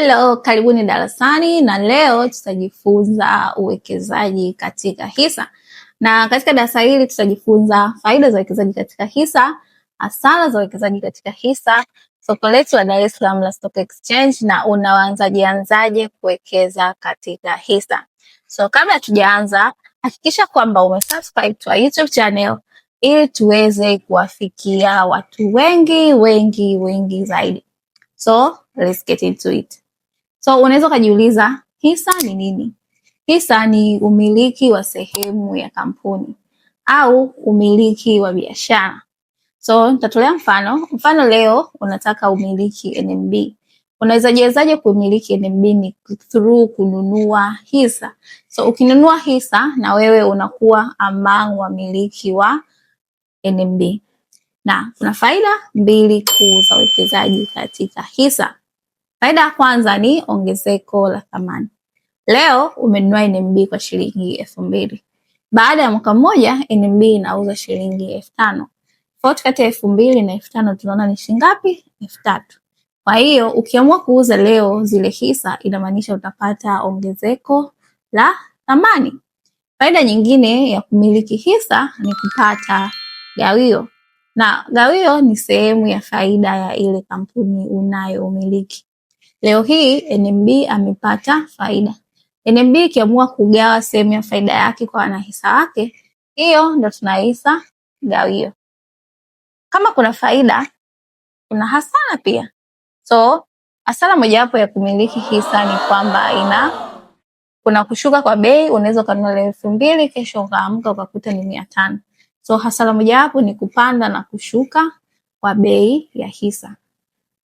Hello, karibuni darasani na leo tutajifunza uwekezaji katika hisa. Na katika darasa hili tutajifunza faida za uwekezaji katika hisa, hasara za uwekezaji katika hisa, soko letu la Dar es Salaam la Stock Exchange na unaanzajianzaje kuwekeza katika hisa. So kabla hatujaanza, hakikisha kwamba umesubscribe to YouTube channel ili tuweze kuwafikia watu wengi wengi wengi zaidi. So let's get into it. So unaweza ukajiuliza hisa ni nini? Hisa ni umiliki wa sehemu ya kampuni au umiliki wa biashara. So nitatolea mfano. Mfano, leo unataka umiliki NMB. Unaweza jiwezaje kumiliki NMB? Ni through kununua hisa. So ukinunua hisa, na wewe unakuwa among wamiliki wa NMB, na kuna faida mbili kuu za uwekezaji katika hisa. Faida ya kwanza ni ongezeko la thamani. Leo umenunua NMB kwa shilingi elfu mbili. Baada ya mwaka mmoja NMB inauza shilingi elfu tano. Tofauti kati ya elfu mbili na elfu tano tunaona ni shilingi ngapi? Elfu tatu. Kwa hiyo ukiamua kuuza leo zile hisa inamaanisha utapata ongezeko la thamani. Faida nyingine ya kumiliki hisa ni kupata gawio, na gawio ni sehemu ya faida ya ile kampuni unayomiliki. Leo hii NMB amepata faida. NMB ikiamua kugawa sehemu ya faida yake kwa wanahisa wake, hiyo ndo tunaita gawio. Kama kuna faida, kuna hasara pia. So hasara mojawapo ya kumiliki hisa ni kwamba ina kuna kushuka kwa bei. Unaweza ukanunua leo elfu mbili, kesho ukaamka ukakuta ni mia tano. So hasara mojawapo ni kupanda na kushuka kwa bei ya hisa.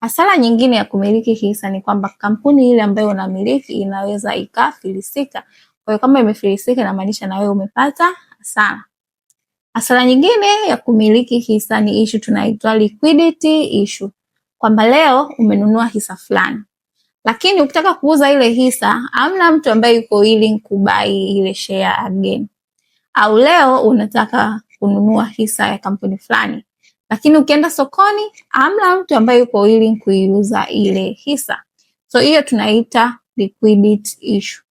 Hasara nyingine ya kumiliki hisa ni kwamba kampuni ile ambayo unamiliki inaweza ikafilisika. Kwa hiyo kama imefilisika, inamaanisha na wewe umepata hasara. Hasara nyingine ya kumiliki hisa ni issue tunaitwa liquidity issue, kwamba leo umenunua hisa fulani, lakini ukitaka kuuza ile hisa amna mtu ambaye yuko willing kubai ile share again. Au leo unataka kununua hisa ya kampuni fulani lakini ukienda sokoni amla mtu ambaye yuko willing kuiuza ile hisa, so hiyo tunaita liquidity issue.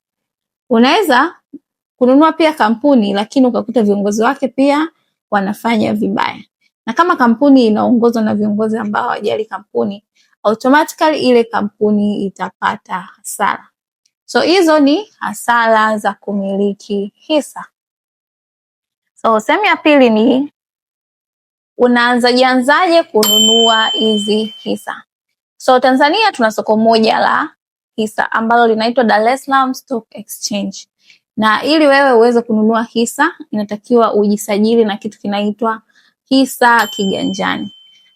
Unaweza kununua pia kampuni lakini ukakuta viongozi wake pia wanafanya vibaya, na kama kampuni inaongozwa na viongozi ambao hawajali kampuni, automatically ile kampuni itapata hasara. So hizo ni hasara za kumiliki hisa. So sehemu ya pili ni unaanzajianzaje kununua hizi hisa? So Tanzania tuna soko moja la hisa ambalo linaitwa Dar es Salaam Stock Exchange, na ili wewe uweze kununua hisa inatakiwa ujisajili na kitu kinaitwa hisa kiganjani,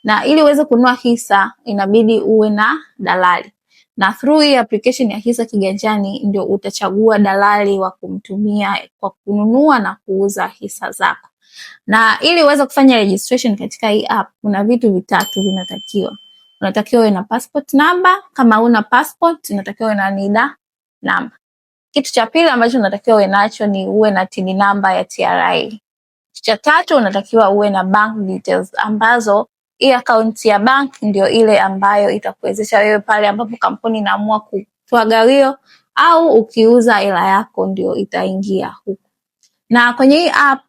na ili uweze kununua hisa inabidi uwe na dalali na through hii application ya hisa kiganjani ndio utachagua dalali wa kumtumia kwa kununua na kuuza hisa zako. Na ili uweze kufanya registration katika hii app, kuna vitu vitatu vinatakiwa. Unatakiwa uwe na passport number, kama una passport unatakiwa uwe na NIDA namba. Kitu cha pili ambacho unatakiwa uwe nacho ni uwe na TIN number ya TRA. Kitu cha tatu unatakiwa uwe na bank details ambazo hii akaunti ya bank ndio ile ambayo itakuwezesha wewe pale ambapo kampuni inaamua kutoa gawio au ukiuza hela yako ndio itaingia huku Na kwenye hii app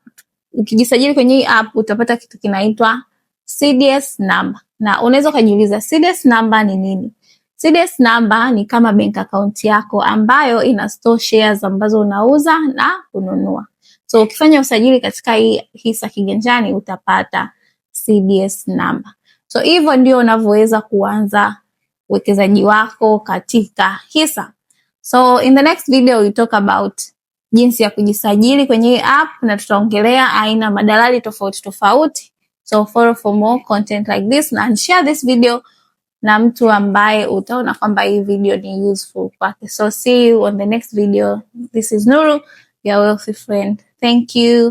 ukijisajili kwenye hii app utapata kitu kinaitwa CDS number. Na unaweza ukajiuliza CDS number ni nini? CDS number ni kama bank account yako ambayo ina store shares ambazo unauza na kununua. So ukifanya usajili katika hii hisa kiganjani utapata CDS number. So hivyo ndio unavyoweza kuanza uwekezaji wako katika hisa. So in the next video we talk about jinsi ya kujisajili kwenye hii app na tutaongelea aina madalali tofauti tofauti. So follow for more content like this and share this video na mtu ambaye utaona kwamba hii video ni useful kwake. So see you on the next video. This is Nuru, your wealthy friend. Thank you.